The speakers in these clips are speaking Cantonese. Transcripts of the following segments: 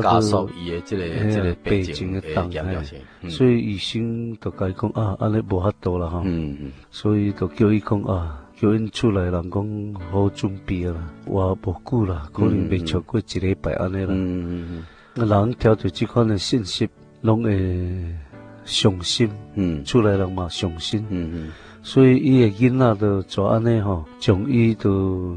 加速伊嘅即個即就、這個病情嘅演變，所以醫生都甲伊講啊，安尼無法度啦哈，嗯嗯、所以就叫伊講啊，叫人厝內人講好準備啦，話冇久了，可能未超過一禮拜安尼啦。人聽到即款嘅信息，攏會傷心，嗯，嗯嗯嗯厝內人嘛傷心，嗯嗯，嗯嗯所以伊嘅囡仔都做安尼嗬，將伊都。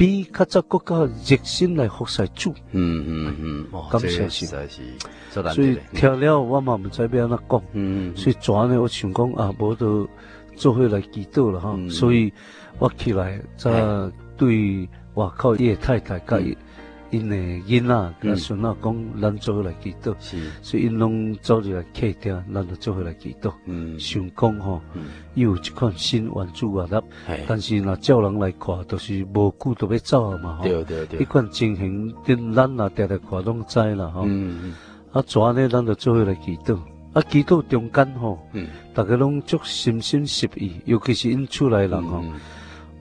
比較他國家熱心來服侍主，嗯嗯嗯，感謝主。所以聽了我嘛毋知要安怎講。嗯嗯，所以這呢我想講、嗯、啊，冇得做開來祈禱啦。所以我起來即對外口啲嘢太太甲伊、嗯。嗯因嘅囡仔跟孫仔講，咱做伙來祈禱，所以因攏做住來企定，咱就做回來祈禱。想講吼嗬，有一款新玩具啊，但是若叫人來看，就是無久都要走啊嘛。對對對，呢款情形，啲咱阿睇嚟看攏知啦。啊遮呢，咱就做回來祈禱。啊祈禱中間嗬，大家攏足心心實意，尤其是因厝內人吼。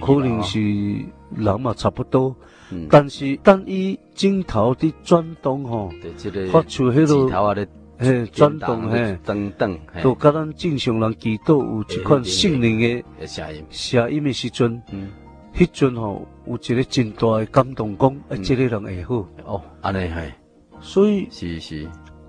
可能是人嘛差不多，但是當伊鏡頭的轉動吼，發出迄個誒轉動嘿，等等，都甲咱正常人祈禱有一款性能嘅聲音聲音嘅時陣，迄陣吼有一個真大嘅感動講啊，即個人會好哦，安尼係，所以是是。